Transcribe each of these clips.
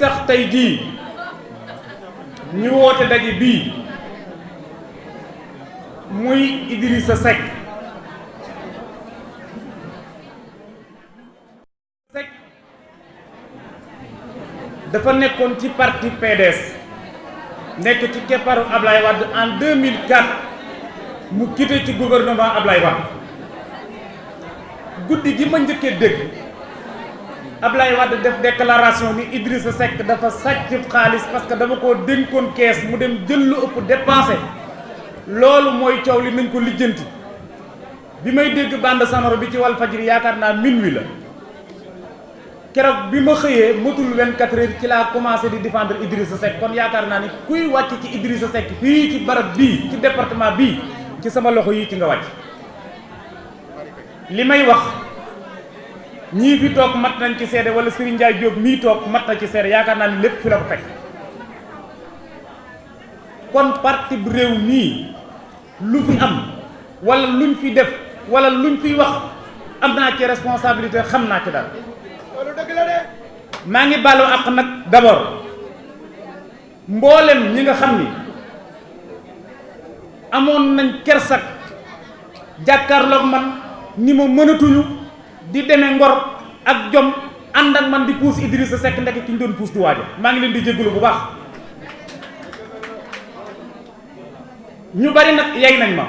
tax tey gii ñu woote daje bii muy Idrissa Seck Seck dafa nekkoon ci parti PDS nekk ci kepparu Ablaye Wade en 2004 mu quitté ci gouvernement Ablaye Wade guddi gi ma njëkkee dégg Ablaye Wade def déclaration ni Idrissa Seck dafa sàcc xaalis parce que dama koo dénkoon kees mu dem jël lu ëpp dépensé loolu mooy coow li nañ ko lijjanti bi may dégg bande sonore bi ci Walfadjri yaakaar naa minuit la keroog bi ma xëyee matul 24 heures ci laa commencé di défendre Idrissa Seck kon yaakaar naa ni kuy wàcc ci Idrissa Seck fii ci barab bii ci département bii ci sama loxo yi ci nga wàcc li may wax. ñii fi toog mat nañ ci seede wala Serigne Ndiaye Diop mii toog mat na ci seede yaakaar naa ni lépp fi la ko fekk kon parti bu réew mii lu fi am wala luñ fi def wala luñ fiy wax am naa ci responsabilité xam naa ci dara maa ngi baalu àq nag d'abord mboolem ñi nga xam ni amoon nañ kersak jàkkaarloog man ni ma mënatuñu. di demee ngor ak jom ànd ak man di puus Idrissa Seck ndeke ki ñu doon puus du waajo maa ngi leen di jégalu bu baax ñu bari nag yay nañ ma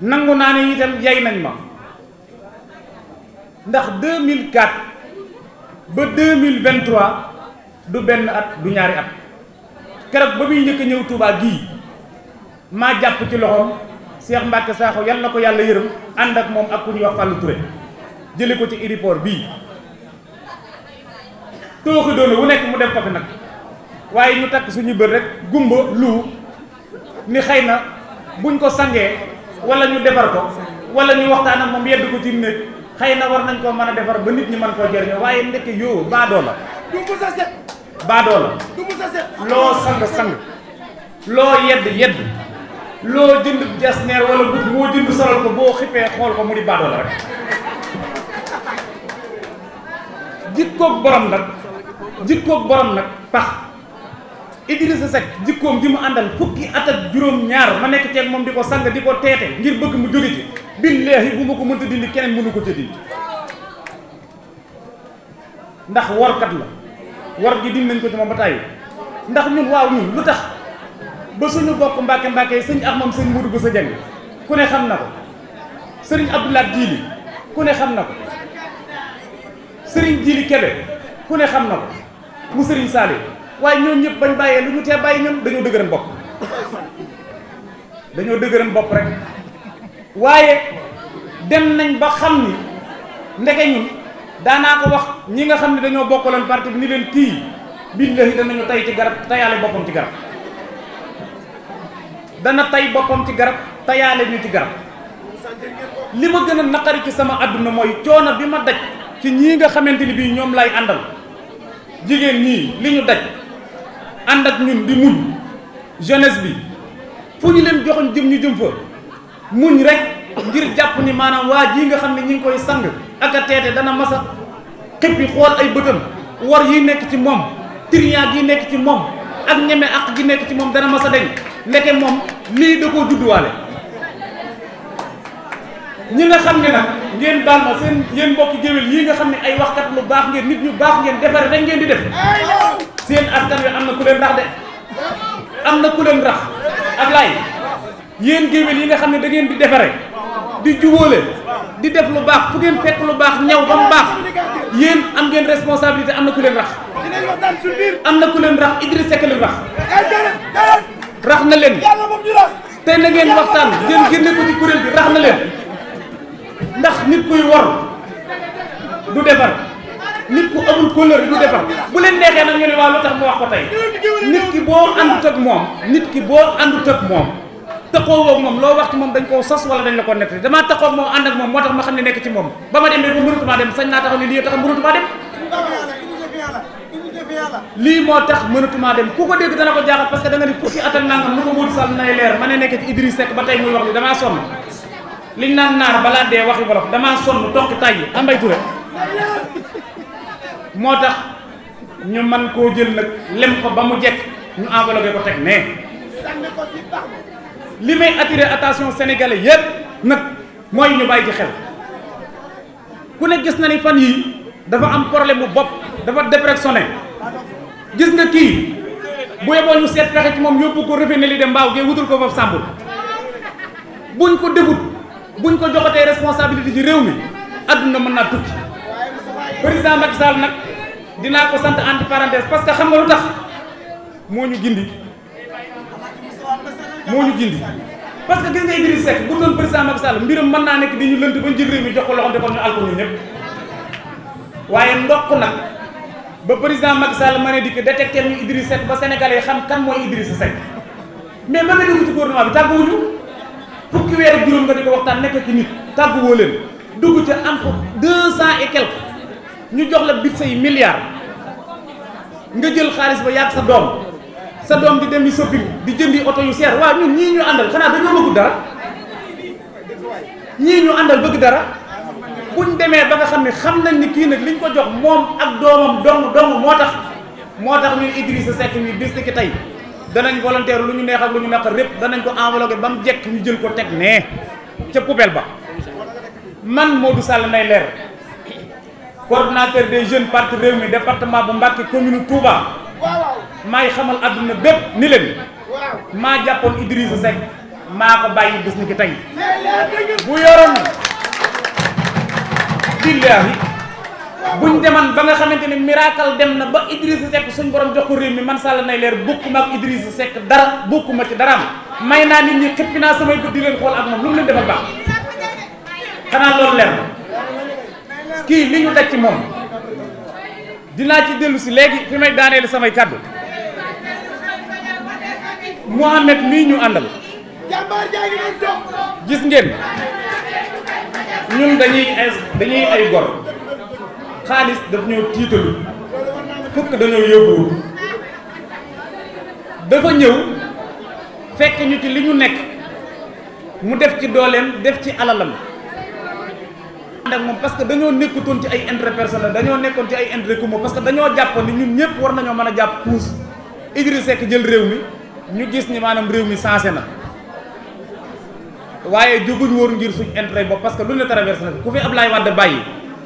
nangu naa ne itam yay nañ ma ndax 2004 ba vingt 2023 du benn at du ñaari at keroog ba muy njëkk a ñëw Touba gii maa jàpp ci loxoom Cheikh Mbacke Sakho yal na ko yàlla yërëm ànd ak moom ak ku ñuy wax Fallou ture jëlee ko ci aéroport bii tooxi doon wu nekk mu dem ko fi nag waaye ñu takk suñu bër rek gumba lu ni xëy na buñ ko sangee wala ñu defar ko wala ñu waxtaan ak moom yedd ko ci néeg xëy na war nañ koo mën a defar ba nit ñi mën koo jëriñoo waaye ndekke yoo baadoo la baadoo la loo sang sang loo yedd yedd loo jënd jasneer wala bu boo jënd solal ko boo xippee xool ko mu di baadoo la rek jikkoog borom nag jikkoog borom nag pax sa Seck jikkoom ji mu àndal fukki at juróom ñaar ma nekk ceeg moom di ko sang di ko teete ngir bëgg mu jóge ci billaahi bu ma ko mënta dindi keneen mënu ko ca dindi ndax workat la war gi dindi nañ ko ci ma ba tàyyi ndax ñun waaw ñun lu tax ba suñu bokk mbàkke mbàkke yi sëñ ak moom sëñ Mourou Boussa Dieng ku ne xam na ko sëriñ Abdoulaye Djili ku ne xam na ko sëriñ Djili Kebe ku ne xam na ko mu sëriñ saali waaye ñoom ñëpp bañ bàyyee lu ñu tee bàyyi ñoom dañoo dëgëram bopp dañoo dëgëram bopp rek waaye dem nañ ba xam ni ndeke ñun daanaa ko wax ñi nga xam ne dañoo bokkaloon parti bi ni leen kii billahi danañu tay ci garab tayaale boppam ci garab dana tay boppam ci garab tayaale ñu ci garab li ma gën a naqari ci sama àdduna mooy coono bi ma daj ci ñii nga xamante ni bii ñoom lay àndal jigéen ñii li ñu daj àndak ak ñun di muñ jeunesse bi fu ñu leen joxoon jëm ñu jëm fa muñ rek ngir jàpp ni maanaam waa jii nga xam ne ñi ngi koy sang ak a teete dana masa xippi xool ay bëtam war yi nekk ci moom triant yi nekk ci moom ak ñeme ak gi nekk ci moom dana masa deñ ndeke moom lii da koo judduwaale ñi nga xam ne nag ngeen baal ma seen yéen mbokki géwél yi nga xam ne ay waxkat lu baax ngeen nit ñu baax ngeen defare rek ngeen di def seen askan wi am na ku leen rax de am na ku leen rax ak laay yéen yi nga xam ne da ngeen di defare di jubóole di def lu baax fu ngeen fekk lu baax ñaw ba mu baax yéen am ngeen responsabilité am na ku leen rax am na ku leen rax leen rax rax na leen te na ngeen waxtaan ngeen génne ko ci kuréel bi rax na leen ndax nit kuy wor du defar nit ku amul couleur du defar bu leen neexee nag ñu ne waa tax mu wax ko tey nit ki boo àndut ak moom nit ki boo àndut ak moom taxawoo ak moom loo wax ci moom dañ koo sas wala dañ la ko nettali damaa taxaw ak moom ànd ak moom moo tax ma xam ne nekk ci moom ba ma demee ba mënatumaa dem sañ naa taxaw ne lii tax mënatumaa dem lii moo tax mënatumaa dem ku ko dégg dana ko jaaxal parce que da nga ni fukki at ak nangam lu ko wut nay leer ma ne nekk ci Idriss Seck ba tey muy wax ni damaa sonn naan naar balaa dee waxi wolof damaa sonn toq tay yi Ambay Touré moo tax ñu man koo jël nag lem ko ba mu jekk ñu enveloppé ko teg nee li may attiré attention sénégalais yépp nag mooy ñu bàyyi ci xel ku ne gis na ni fan yii dafa am problème bu bopp dafa dépressionné gis nga kii bu yeboo ñu seet pexe ci moom yóbbu ko reféné li dem mbaaw gee wutul ko foofu sàmbul buñ ko defut buñ ko joxatee responsabilité ci réew mi adduna mën naa tukki président Macky Sall dinaa ko sant entre parenthèse parce que xam nga lu tax moo ñu gindi moo ñu gindi parce que gis nga Idriss Seck bu doon président Macky mbiram mën naa nekk di ñu lënt ba ñu jël réew mi jox ko loxo te kon ñu àll ko ñun waaye ndox nag. ba président Macky Sall mën a dikk détecté ñu Idrissa Seck ba sénégalais xam kan mooy Idrissa Seck mais ma nga dugg ci gouvernement bi tàgguwuñu fukki weer ak juróom nga di ko waxtaan nekk ci nit ko deux cent et quelque ñu jox la bit say milliards nga jël xaalis ba yàgg sa doom sa doom di dem di shopping di jëndi oto yu seer waaw ñun ñii ñu àndal xanaa dañoo bëgg dara ñii ñu àndal bëgg dara buñ demee ba nga xam ne xam nañ ni kii nag liñ ko jox moom ak doomam dong dong moo tax moo tax ñu Idrissa Seck mi bis ki tey danañ volontaire lu ñu neex ak lu ñu naqar lépp danañ ko enveloppé ba mu jekk ñu jël ko teg nee ca poubelle ba man moo Modou Sall nay leer coordonnateur des jeunes parti Rewmi département bu Mbacké commune Touba maay xamal àdduna bépp ni leen maa jàppoon Idrissa Seck maa ko bàyyi bis ki tey bu yoroon billaahi buñ deman ba nga xamante ne miraakal dem na ba Idrissa Seck suñu borom jox ko réew mi man Salla Nay Leer bokkuma ak Idrissa Seck dara bokkuma ci daraam may naa nit ñi xippi naa samay bët di leen xool ak moom lu mu leen dafa baax xanaa loolu leer kii li ñu daj ci moom dinaa ci dellu si léegi fi may daaneel samay kàddu Mouhamed mii ñu àndal gis ngeen ñun dañuy dañuy ay gor xaalis daf ñoo tiitalu fukk dañoo yóbbuwul dafa ñëw fekk ñu ci li ñu nekk mu def ci dooleem def ci alalam ànd ak que dañoo nekkutoon ci ay intérêt personnel dañoo nekkoon ci ay intérêt commun parce que dañoo jàpp ni ñun ñëpp war nañoo mën a jàpp puus egris Seck jël réew mi ñu gis ni maanaam réew mi sensé na waaye jóguñ woon ngir suñ intérêt bopp parce que lu ne traversé na ku fi Ablaye Wade bàyyi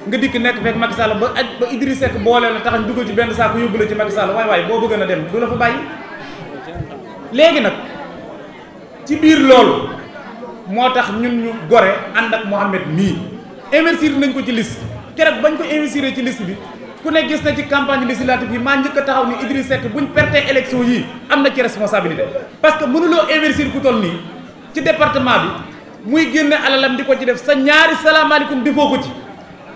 nga dikk nekk fekk Macky Sall ba ba Idriss Seck boolee la taxañ ci benn saako yóbbu la ci Macky Sall waay boo bëgg a dem du la fa bàyyi léegi nag ci biir loolu moo tax ñun ñu gore ànd ak Mohamed nii investir nañ ko ci liste keroog bañ ko investir ci liste bi ku ne gis na ci campagne législative yi maa njëkk taxaw ni Idriss Seck buñ perte élection yii am na ci responsabilité parce que mënuloo investir ku toll nii ci département bi muy génne alalam di ko ci def sa ñaari salaamaaleykum defoo ko ci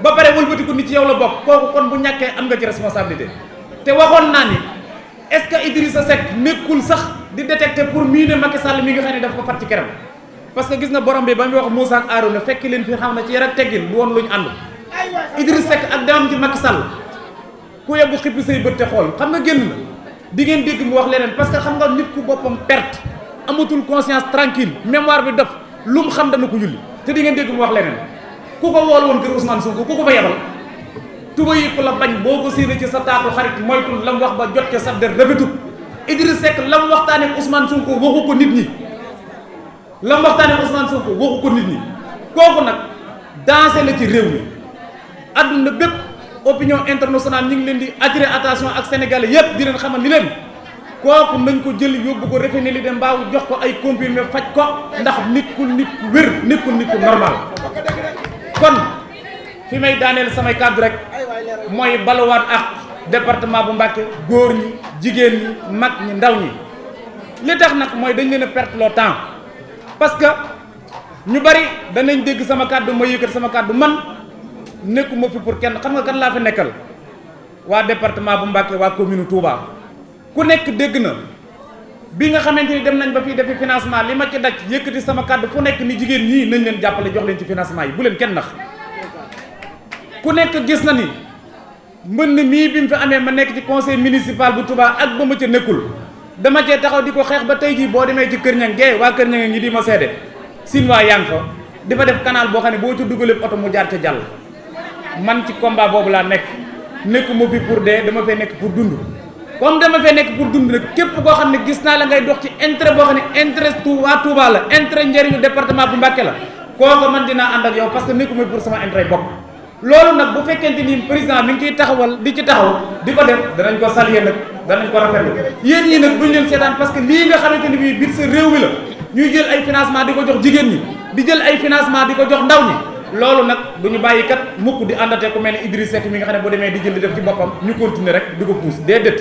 ba pare wëlbatiku ni ci yow la bokk kooku kon bu ñàkkee am nga ci responsabilité te waxoon naa ni est-ce que Idrissa Seck nekkul sax di détecter pour miiner Macky Sall mi nga xam ne daf ko fat ci këram parce que gis nga borom bi ba muy wax Moussa ak Aarouna fekk leen fi xam ne ci yar ak teggin bu woon lu ñu ànd Idrissa Seck ak damam ci Macky Sall ku yebbu xippi say bët te xool xam nga génn di ngeen dégg wax leneen parce que xam nga nit ku boppam perte amatul conscience tranquille mémoire bi def lu mu xam dana ko julli te di ngeen dégg mu wax leneen ku ko wool woon kër Ousmane Sonko ku ko fa yebal tuba yi ko la bañ boo ko séenee ci sa taatu xarit moytul lam wax ba jot ca sab de rafetut Idriss Seck lam waxtaanee ak Ousmane Sonko waxu ko nit ñi lam waxtaanee ak Ousmane Sonko waxu ko nit ñi kooku nag dansé la ci réew mi adduna bépp opinion internationale ñu ngi leen di attirer attention ak sénégalais yépp di leen xamal ni kooku nañ ko jël yóbbu ko refene li de mbaaw jox ko ay comprimé faj ko ndax nit ku nit ku wér nit ku nit ku normal kon fi may daaneel samay kàddu rek mooy baluwaat ak département bu Mbàkke góor ñi jigéen ñi mag ñi ndaw ñi li tax nag mooy dañ leen perte le temps parce que ñu bari danañ dégg sama kàddu ma yëkkat sama kàddu man nekkuma fi pour kenn xam nga kan laa fi nekkal waa département bu Mbàkke waa commune Touba ku nekk dégg na bi nga xamante ni dem nañ ba fii defi financement li ma ci daj yëkkati sama kàddu ku nekk ni jigéen ñii nañ leen jàppale jox leen ci financement yi bu leen kenn nax ku nekk gis na ni mbënn mii bi mu fi amee ma nekk ci conseil municipal bu Touba ak ba ma ca nekkul dama cee taxaw di ko xeex ba tey jii boo demee ci Kër Ñang gee waa Kër Ñang ngi di ma seede Sinwaa yaa ngi fa di fa def canal boo xam ne boo ci dugalee oto mu jaar jàll man ci combat boobu laa nekk nekkuma fi pour dee dama fay nekk pour dund. comme a fee nekk pour dund nag képp koo xam ne gis naa la ngay dox ci intérêt boo xam ne intérêt tout waa Touba la intérêt njëriñu département bu Mbacké la kooku man dinaa ànd ak yow parce que nekkuma pour sama intérêt bopp. loolu nag bu fekkente ni président mi ngi taxawal di ci taxaw di ko def danañ ko saluer nag danañ ko rafetlu yéen ñi nag buñ leen seetaan parce que lii nga xamante ni bii biir sa réew mi la ñuy jël ay financement di ko jox jigéen ñi di jël ay financement di ko jox ndaw ñi. loolu nag du ñu bàyyi kat mukk di àndate ku mel ni Idriss Seck mi nga xam ne boo demee di jël di def ci boppam ñu continuer rek di ko pousse déedéet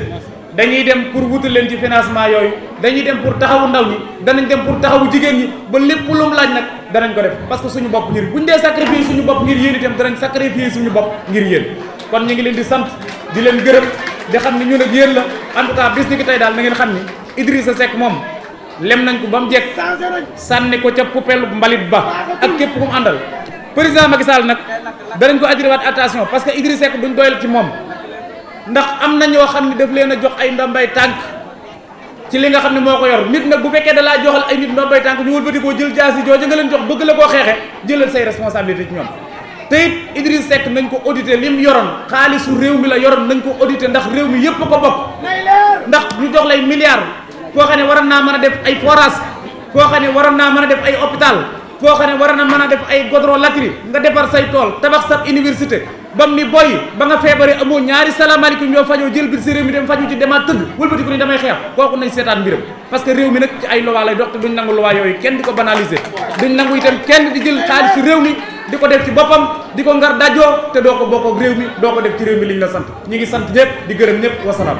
dañuy dem pour wutal leen ci financement yooyu dañuy dem pour taxawu ndaw ñi danañ dem pour taxawu jigéen ñi ba lépp lu mu laaj nag danañ ko def parce que suñu bopp ngir bu ñu dee sacrifice suñu bopp ngir yéen itam danañ sacrifice suñu bopp ngir yéen kon ñu ngi leen di sant di leen gërëm di xam ne ñun yéen la en tout bis ni daal na ngeen xam ni Idrissa moom lem nañ ko ba mu jekk sànni ko ca poubelle mbalit ba ak képp ku mu àndal président Macky Sall nag danañ ko attiré waat attention parce que Idriss Seck duñ doyal ci moom ndax am na ñoo xam ne daf leen a jox ay ndombay tànk ci li nga xam ne moo ko yor nit nag bu fekkee da laa joxal ay nit ndombay tànk ñu wëlbati koo jël jaas yi jooju nga leen jox bëgg la koo xeexe jëlal say responsabilité ci ñoom te it Idriss nañ ko audité lim yoroon xaalisu réew mi la yoroon nañ ko audité ndax réew mi yëpp ko bokk ndax ñu jox lay mi koo xam ne waroon naa mën a def ay forage koo xam ne waroon naa mën a def ay hôpital boo xam ne war na mën a def ay godron latri nga defar say tool tabax sa université bam ni boy ba nga feebaree amoo ñaari salaamaaleykum yoo fajoo jël biir si réew mi faju ci demaat tëdd wëlbatiku ni damay xeex kooku nañ seetaan mbiram parce réew mi nag ci ay loi di ko banaliser duñ nangu itam di jël xaalis si réew mi di ko def ci boppam di ko ngar dajoo te doo ko bokk ak réew mi doo ko def ci réew mi liñ la sant ñu ngi sant ñëpp di gërëm ñëpp wasalaam